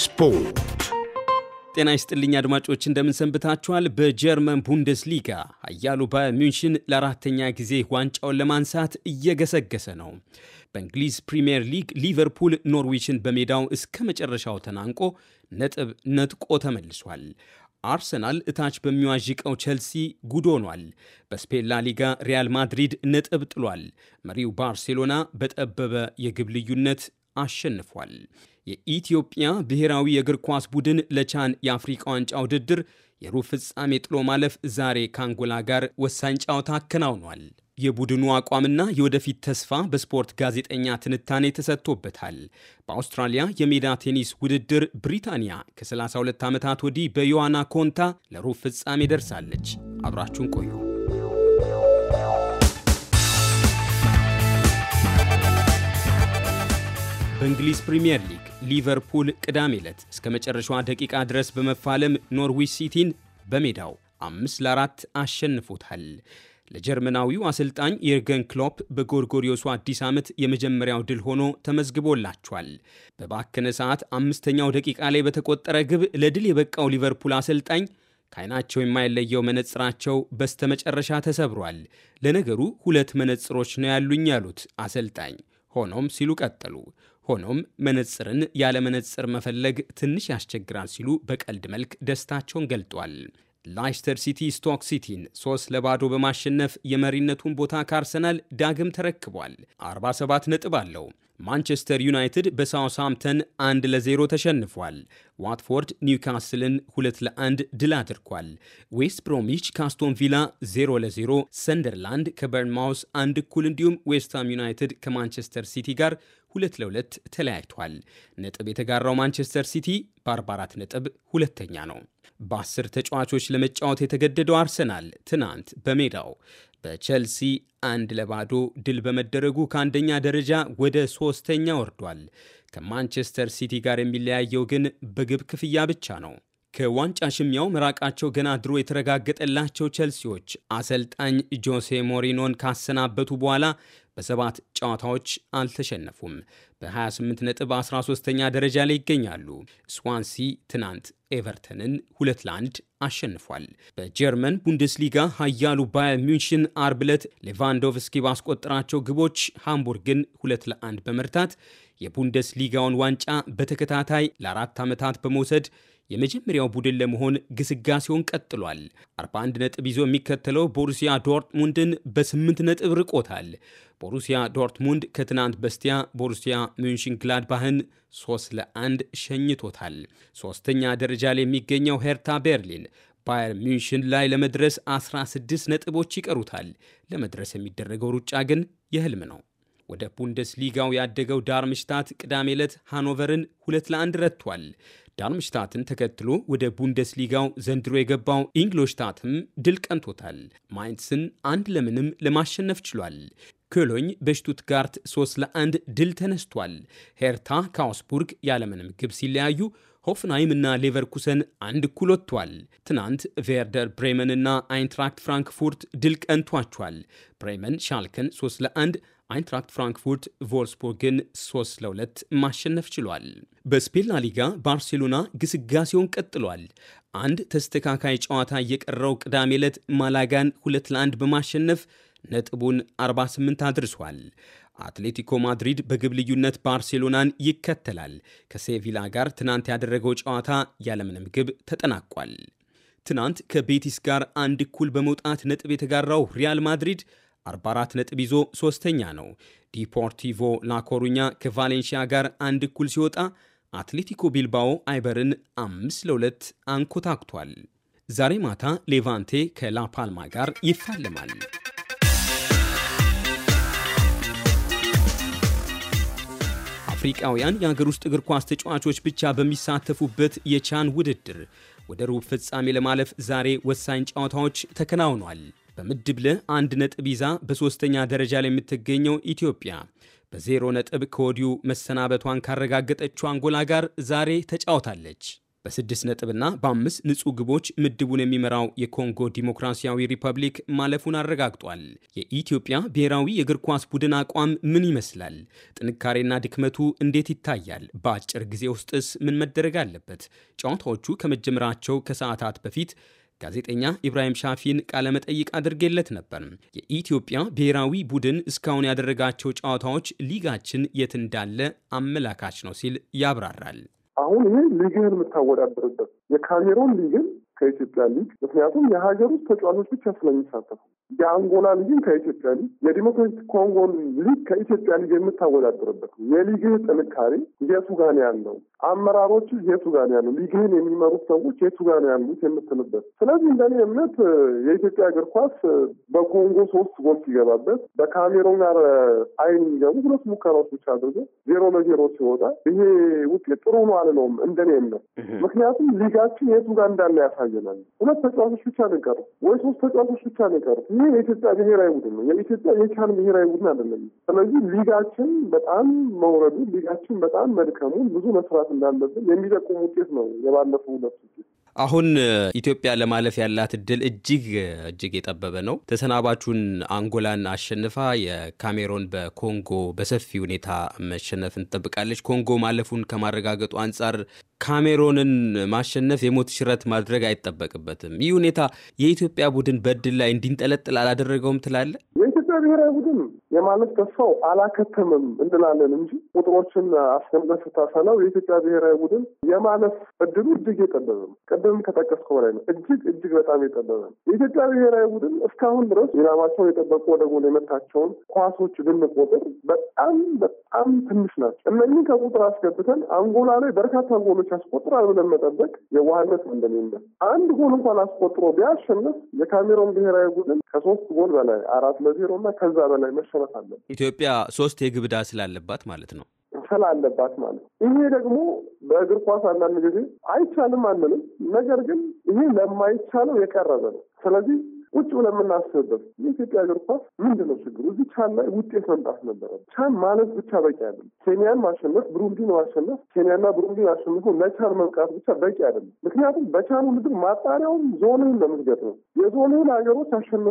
ስፖርት ጤና ይስጥልኝ አድማጮች፣ እንደምንሰንብታችኋል። በጀርመን ቡንደስሊጋ አያሉ ባየር ሚንሽን ለአራተኛ ጊዜ ዋንጫውን ለማንሳት እየገሰገሰ ነው። በእንግሊዝ ፕሪምየር ሊግ ሊቨርፑል ኖርዊችን በሜዳው እስከ መጨረሻው ተናንቆ ነጥብ ነጥቆ ተመልሷል። አርሰናል እታች በሚዋዥቀው ቸልሲ ጉድ ሆኗል። በስፔን ሊጋ ሪያል ማድሪድ ነጥብ ጥሏል። መሪው ባርሴሎና በጠበበ የግብ ልዩነት አሸንፏል። የኢትዮጵያ ብሔራዊ የእግር ኳስ ቡድን ለቻን የአፍሪቃ ዋንጫ ውድድር የሩብ ፍጻሜ ጥሎ ማለፍ ዛሬ ከአንጎላ ጋር ወሳኝ ጨዋታ አከናውኗል። የቡድኑ አቋምና የወደፊት ተስፋ በስፖርት ጋዜጠኛ ትንታኔ ተሰጥቶበታል። በአውስትራሊያ የሜዳ ቴኒስ ውድድር ብሪታንያ ከ32 ዓመታት ወዲህ በዮዋና ኮንታ ለሩብ ፍጻሜ ደርሳለች። አብራችሁን ቆዩ። በእንግሊዝ ፕሪምየር ሊግ ሊቨርፑል ቅዳሜ ዕለት እስከ መጨረሻዋ ደቂቃ ድረስ በመፋለም ኖርዊች ሲቲን በሜዳው አምስት ለአራት አሸንፎታል። ለጀርመናዊው አሰልጣኝ የርገን ክሎፕ በጎርጎሪዮሱ አዲስ ዓመት የመጀመሪያው ድል ሆኖ ተመዝግቦላቸዋል። በባከነ ሰዓት አምስተኛው ደቂቃ ላይ በተቆጠረ ግብ ለድል የበቃው ሊቨርፑል አሰልጣኝ ከዓይናቸው የማይለየው መነጽራቸው በስተመጨረሻ ተሰብሯል። ለነገሩ ሁለት መነጽሮች ነው ያሉኝ ያሉት አሰልጣኝ ሆኖም ሲሉ ቀጠሉ ሆኖም መነጽርን ያለ መነጽር መፈለግ ትንሽ ያስቸግራል ሲሉ በቀልድ መልክ ደስታቸውን ገልጧል። ላይስተር ሲቲ ስቶክ ሲቲን ሶስት ለባዶ በማሸነፍ የመሪነቱን ቦታ ከአርሰናል ዳግም ተረክቧል። 47 ነጥብ አለው። ማንቸስተር ዩናይትድ 1 ለ ለዜሮ ተሸንፏል። ዋትፎርድ ኒውካስልን ሁለት ለአንድ ድል አድርጓል። ዌስት ብሮሚች ካስቶን ቪላ ለ ለዜሮ፣ ሰንደርላንድ ከበርንማውስ አንድ እኩል እንዲሁም ዌስትሃም ዩናይትድ ከማንቸስተር ሲቲ ጋር ሁለት ለሁለት ተለያይቷል። ነጥብ የተጋራው ማንቸስተር ሲቲ በ44 ነጥብ ሁለተኛ ነው። በአስር ተጫዋቾች ለመጫወት የተገደደው አርሰናል ትናንት በሜዳው በቼልሲ አንድ ለባዶ ድል በመደረጉ ከአንደኛ ደረጃ ወደ ሶስተኛ ወርዷል። ከማንቸስተር ሲቲ ጋር የሚለያየው ግን በግብ ክፍያ ብቻ ነው። ከዋንጫ ሽሚያው ምራቃቸው ገና ድሮ የተረጋገጠላቸው ቼልሲዎች አሰልጣኝ ጆሴ ሞሪኖን ካሰናበቱ በኋላ በሰባት ጨዋታዎች አልተሸነፉም። በ28 ነጥብ 13ኛ ደረጃ ላይ ይገኛሉ። ስዋንሲ ትናንት ኤቨርተንን ሁለት ለአንድ አሸንፏል። በጀርመን ቡንደስሊጋ ኃያሉ ባየር ሚንሽን አርብ ዕለት ሌቫንዶቭስኪ ባስቆጠራቸው ግቦች ሃምቡርግን ሁለት ለአንድ በመርታት የቡንደስሊጋውን ዋንጫ በተከታታይ ለአራት ዓመታት በመውሰድ የመጀመሪያው ቡድን ለመሆን ግስጋሴውን ቀጥሏል። 41 ነጥብ ይዞ የሚከተለው ቦሩሲያ ዶርትሙንድን በ በ8 ነጥብ ርቆታል። ቦሩሲያ ዶርትሙንድ ከትናንት በስቲያ ቦሩሲያ ሚንሽን ግላድባህን 3 ለአንድ ሸኝቶታል። ሶስተኛ ደረጃ ላይ የሚገኘው ሄርታ ቤርሊን ባየር ሚንሽን ላይ ለመድረስ 16 ነጥቦች ይቀሩታል። ለመድረስ የሚደረገው ሩጫ ግን የህልም ነው። ወደ ቡንደስሊጋው ያደገው ዳርምሽታት ቅዳሜ ዕለት ሃኖቨርን ሁለት ለአንድ ረትቷል። ዳርምሽታትን ተከትሎ ወደ ቡንደስሊጋው ዘንድሮ የገባው ኢንግሎሽታትም ድል ቀንቶታል። ማይንስን አንድ ለምንም ለማሸነፍ ችሏል። ኮሎኝ በሽቱትጋርት 3 ለአንድ ድል ተነስቷል። ሄርታ ከአውስቡርግ ያለምንም ግብ ሲለያዩ ሆፍንሃይምና ሌቨርኩሰን አንድ እኩል ወጥቷል። ትናንት ቬርደር ብሬመንና አይንትራክት ፍራንክፉርት ድል ቀንቷቸዋል። ብሬመን ሻልከን 3 ለ1 አይንትራክት ፍራንክፉርት ቮልስቦርግን 3 ለ2 ማሸነፍ ችሏል። በስፔን ላ ሊጋ ባርሴሎና ግስጋሴውን ቀጥሏል። አንድ ተስተካካይ ጨዋታ እየቀረው ቅዳሜ ዕለት ማላጋን 2 ለ1 በማሸነፍ ነጥቡን 48 አድርሷል። አትሌቲኮ ማድሪድ በግብ ልዩነት ባርሴሎናን ይከተላል። ከሴቪላ ጋር ትናንት ያደረገው ጨዋታ ያለምንም ግብ ተጠናቋል። ትናንት ከቤቲስ ጋር አንድ እኩል በመውጣት ነጥብ የተጋራው ሪያል ማድሪድ 44 ነጥብ ይዞ ሶስተኛ ነው። ዲፖርቲቮ ላኮሩኛ ከቫሌንሺያ ጋር አንድ እኩል ሲወጣ አትሌቲኮ ቢልባኦ አይበርን አምስት ለሁለት አንኮታክቷል። ዛሬ ማታ ሌቫንቴ ከላፓልማ ጋር ይፋለማል። አፍሪቃውያን የአገር ውስጥ እግር ኳስ ተጫዋቾች ብቻ በሚሳተፉበት የቻን ውድድር ወደ ሩብ ፍጻሜ ለማለፍ ዛሬ ወሳኝ ጨዋታዎች ተከናውኗል። በምድብ ለ አንድ ነጥብ ይዛ በሦስተኛ ደረጃ ላይ የምትገኘው ኢትዮጵያ በዜሮ ነጥብ ከወዲሁ መሰናበቷን ካረጋገጠችው አንጎላ ጋር ዛሬ ተጫውታለች። በስድስት ነጥብና በአምስት ንጹህ ግቦች ምድቡን የሚመራው የኮንጎ ዲሞክራሲያዊ ሪፐብሊክ ማለፉን አረጋግጧል። የኢትዮጵያ ብሔራዊ የእግር ኳስ ቡድን አቋም ምን ይመስላል? ጥንካሬና ድክመቱ እንዴት ይታያል? በአጭር ጊዜ ውስጥስ ምን መደረግ አለበት? ጨዋታዎቹ ከመጀመራቸው ከሰዓታት በፊት ጋዜጠኛ ኢብራሂም ሻፊን ቃለመጠይቅ አድርጌለት ነበር። የኢትዮጵያ ብሔራዊ ቡድን እስካሁን ያደረጋቸው ጨዋታዎች ሊጋችን የት እንዳለ አመላካች ነው ሲል ያብራራል። አሁን ይህ ሊግህን የምታወዳደርበት የካሜሮን ሊግን ከኢትዮጵያ ሊግ ምክንያቱም የሀገር ውስጥ ተጫዋቾች ብቻ ስለሚሳተፉ የአንጎላ ሊግን ከኢትዮጵያ ሊግ የዲሞክራቲክ ኮንጎ ሊግ ከኢትዮጵያ ሊግ የምታወዳደርበት የሊግህ ጥንካሬ የቱ ጋን ያለው አመራሮች የቱ ጋን ያለው ሊግህን የሚመሩት ሰዎች የቱ ጋን ያሉት የምትልበት። ስለዚህ እንደኔ እምነት የኢትዮጵያ እግር ኳስ በኮንጎ ሶስት ጎል ሲገባበት በካሜሮን ጋር አይን የሚገቡ ሁለት ሙከራዎች ብቻ አድርጎ ዜሮ ለዜሮ ሲወጣ ይሄ ውጤት ጥሩ ነው አልለውም እንደኔ እምነት። ምክንያቱም ሊጋችን የቱ ጋር እንዳለ ያሳያል። ያሳየናል። ሁለት ተጫዋቾች ብቻ ነው የቀሩ ወይ ሶስት ተጫዋቾች ብቻ ነው የቀሩ። ይህ የኢትዮጵያ ብሔራዊ ቡድን ነው። የኢትዮጵያ የቻን ብሔራዊ ቡድን አይደለም። ስለዚህ ሊጋችን በጣም መውረዱ፣ ሊጋችን በጣም መድከሙን፣ ብዙ መስራት እንዳለብን የሚጠቁም ውጤት ነው የባለፉ ሁለት ውጤት አሁን ኢትዮጵያ ለማለፍ ያላት እድል እጅግ እጅግ የጠበበ ነው። ተሰናባቹን አንጎላን አሸንፋ የካሜሮን በኮንጎ በሰፊ ሁኔታ መሸነፍ እንጠብቃለች። ኮንጎ ማለፉን ከማረጋገጡ አንጻር ካሜሮንን ማሸነፍ የሞት ሽረት ማድረግ አይጠበቅበትም። ይህ ሁኔታ የኢትዮጵያ ቡድን በድል ላይ እንዲንጠለጥል አላደረገውም ትላለ? የኢትዮጵያ ብሔራዊ ቡድን የማለት ተስፋው አላከተምም እንላለን እንጂ ቁጥሮችን አስገምጠህ ስታሰላው የኢትዮጵያ ብሔራዊ ቡድን የማለፍ እድሉ እጅግ የጠበበ ነው። ቅድም ከጠቀስከው በላይ ነው። እጅግ እጅግ በጣም የጠበበ ነው። የኢትዮጵያ ብሔራዊ ቡድን እስካሁን ድረስ ኢላማቸውን የጠበቁ ወደ ጎል የመታቸውን ኳሶች ብንቆጥር በጣም በጣም ትንሽ ናቸው። እነኝህ ከቁጥር አስገብተን አንጎላ ላይ በርካታ ጎሎች ያስቆጥራል ብለን መጠበቅ የዋህነት እንደሚመስል አንድ ጎል እንኳን አስቆጥሮ ቢያሸንፍ የካሜሮን ብሔራዊ ቡድን ከሶስት ጎል በላይ አራት ለዜሮ እና ከዛ በላይ መሸነፍ አለ። ኢትዮጵያ ሶስት የግብ ዕዳ ስላለባት ማለት ነው ስላለባት ማለት ይሄ ደግሞ በእግር ኳስ አንዳንድ ጊዜ አይቻልም አንልም፣ ነገር ግን ይሄ ለማይቻለው የቀረበ ነው። ስለዚህ ቁጭ ብለን የምናስብበት የኢትዮጵያ እግር ኳስ ምንድን ነው ችግሩ? እዚህ ቻን ላይ ውጤት መምጣት ነበረ። ቻን ማለት ብቻ በቂ አይደለም። ኬንያን ማሸነፍ፣ ብሩንዲን ማሸነፍ፣ ኬንያና ብሩንዲን አሸንፎ ለቻን መብቃት ብቻ በቂ አይደለም። ምክንያቱም በቻን ውድድር ማጣሪያውን ዞንህን ለምትገጥ ነው። የዞንህን ሀገሮች አሸንፈ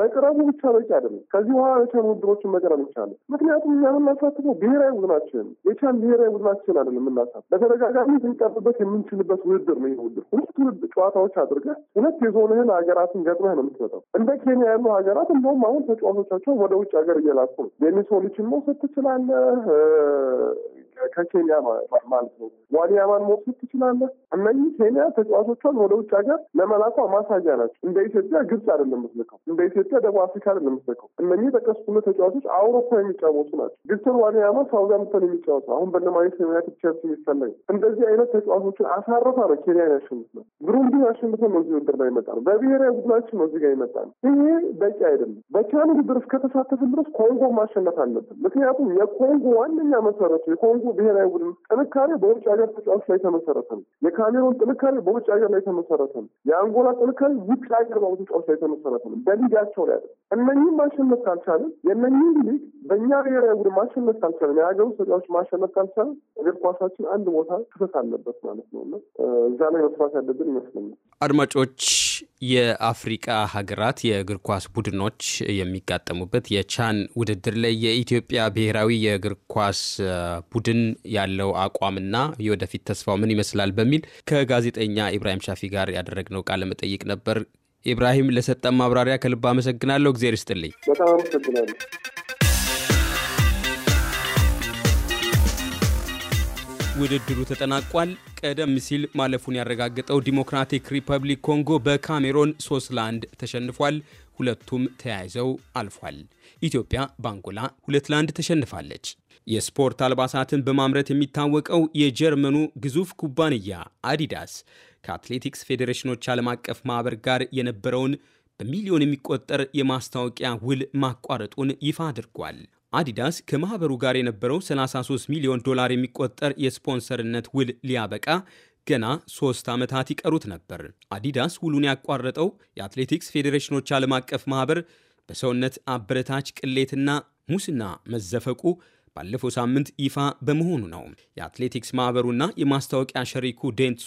መቅረቡ ብቻ በቂ አይደለም። ከዚህ በኋላ የቻን ውድድሮችን መቅረብ ይቻለ። ምክንያቱም እኛ የምናሳትፈው ብሔራዊ ቡድናችን የቻን ብሔራዊ ቡድናችን አይደለም የምናሳት በተደጋጋሚ ልንቀርብበት የምንችልበት ውድድር ነው። ይህ ውድድር ሁለት ውድድር ጨዋታዎች አድርገህ ሁለት የዞንህን ሀገራትን ገጥመህ ነው የምትመጣው። እንደ ኬንያ ያሉ ሀገራት እንደውም አሁን ተጫዋቾቻቸው ወደ ውጭ ሀገር እየላኩ ነው። ዴኒስ ኦሉቺን መውሰድ ትችላለህ። ከኬንያ ማለት ነው። ዋኒያማን መውሰድ ትችላለህ። እነዚህ ኬንያ ተጫዋቾቿን ወደ ውጭ ሀገር ለመላኳ ማሳያ ናቸው። እንደ ኢትዮጵያ ግብጽ አይደለም የምትልከው፣ እንደ ኢትዮጵያ ደቡብ አፍሪካ አይደለም የምትልከው። እነዚህ የጠቀስኩት ተጫዋቾች አውሮፓ የሚጫወቱ ናቸው። ቪክተር ዋኒያማ ሳውዛምፕተን የሚጫወቱ አሁን በማንቸስተር ዩናይትድ፣ ቸልሲ የሚፈለግ እንደዚህ አይነት ተጫዋቾችን አሳረፋ ነው ኬንያ ያሸንፍ ነው። ብሩንዲ አሸንፈን ነው እዚህ ውድድር ላይ ይመጣ ነው። በብሔራዊ ቡድናችን ነው እዚህ ጋር ይመጣ ነው። ይሄ በቂ አይደለም። በቻን ውድድር እስከተሳተፍን ድረስ ኮንጎ ማሸነፍ አለብን። ምክንያቱም የኮንጎ ዋነኛ መሰረቱ የኮንጎ ደግሞ ብሔራዊ ቡድን ጥንካሬ በውጭ ሀገር ተጫዋች ላይ ተመሰረተ ነው። የካሜሮን ጥንካሬ በውጭ ሀገር ላይ ተመሰረተ ነው። የአንጎላ ጥንካሬ ውጭ ሀገር ባሉ ተጫዋች ላይ ተመሰረተ ነው። በሊጋቸው ላይ እነኝህም ማሸነፍ ካልቻለን የእነኝህም ሊግ በእኛ ብሔራዊ ቡድን ማሸነፍ ካልቻለን፣ የሀገሩ ተጫዋች ማሸነፍ ካልቻለን እግር ኳሳችን አንድ ቦታ ክፍተት አለበት ማለት ነው እና እዛ ላይ መስራት ያለብን ይመስለኛል አድማጮች የአፍሪቃ ሀገራት የእግር ኳስ ቡድኖች የሚጋጠሙበት የቻን ውድድር ላይ የኢትዮጵያ ብሔራዊ የእግር ኳስ ቡድን ያለው አቋምና የወደፊት ተስፋው ምን ይመስላል በሚል ከጋዜጠኛ ኢብራሂም ሻፊ ጋር ያደረግነው ቃለ መጠይቅ ነበር። ኢብራሂም፣ ለሰጠን ማብራሪያ ከልብ አመሰግናለሁ። እግዜር ይስጥልኝ። በጣም አመሰግናለሁ። ውድድሩ ተጠናቋል። ቀደም ሲል ማለፉን ያረጋገጠው ዲሞክራቲክ ሪፐብሊክ ኮንጎ በካሜሮን ሶስት ለአንድ ተሸንፏል። ሁለቱም ተያይዘው አልፏል። ኢትዮጵያ በአንጎላ ሁለት ለአንድ ተሸንፋለች። የስፖርት አልባሳትን በማምረት የሚታወቀው የጀርመኑ ግዙፍ ኩባንያ አዲዳስ ከአትሌቲክስ ፌዴሬሽኖች ዓለም አቀፍ ማኅበር ጋር የነበረውን በሚሊዮን የሚቆጠር የማስታወቂያ ውል ማቋረጡን ይፋ አድርጓል። አዲዳስ ከማኅበሩ ጋር የነበረው 33 ሚሊዮን ዶላር የሚቆጠር የስፖንሰርነት ውል ሊያበቃ ገና ሶስት ዓመታት ይቀሩት ነበር። አዲዳስ ውሉን ያቋረጠው የአትሌቲክስ ፌዴሬሽኖች ዓለም አቀፍ ማኅበር በሰውነት አበረታች ቅሌትና ሙስና መዘፈቁ ባለፈው ሳምንት ይፋ በመሆኑ ነው። የአትሌቲክስ ማኅበሩና የማስታወቂያ ሸሪኩ ዴንሱ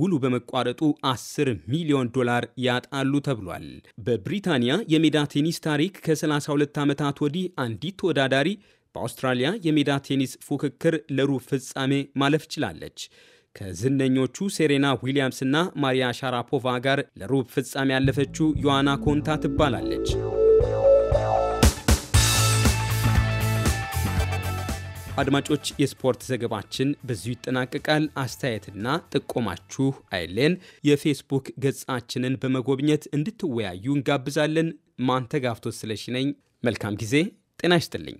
ውሉ በመቋረጡ 10 ሚሊዮን ዶላር ያጣሉ ተብሏል። በብሪታንያ የሜዳ ቴኒስ ታሪክ ከ32 ዓመታት ወዲህ አንዲት ተወዳዳሪ በአውስትራሊያ የሜዳ ቴኒስ ፉክክር ለሩብ ፍጻሜ ማለፍ ችላለች። ከዝነኞቹ ሴሬና ዊሊያምስና ማሪያ ሻራፖቫ ጋር ለሩብ ፍጻሜ ያለፈችው ዮዋና ኮንታ ትባላለች። አድማጮች፣ የስፖርት ዘገባችን በዚሁ ይጠናቀቃል። አስተያየትና ጥቆማችሁ አይሌን የፌስቡክ ገጻችንን በመጎብኘት እንድትወያዩ እንጋብዛለን። ማንተጋፍቶት ስለሺ ነኝ። መልካም ጊዜ። ጤና ይስጥልኝ።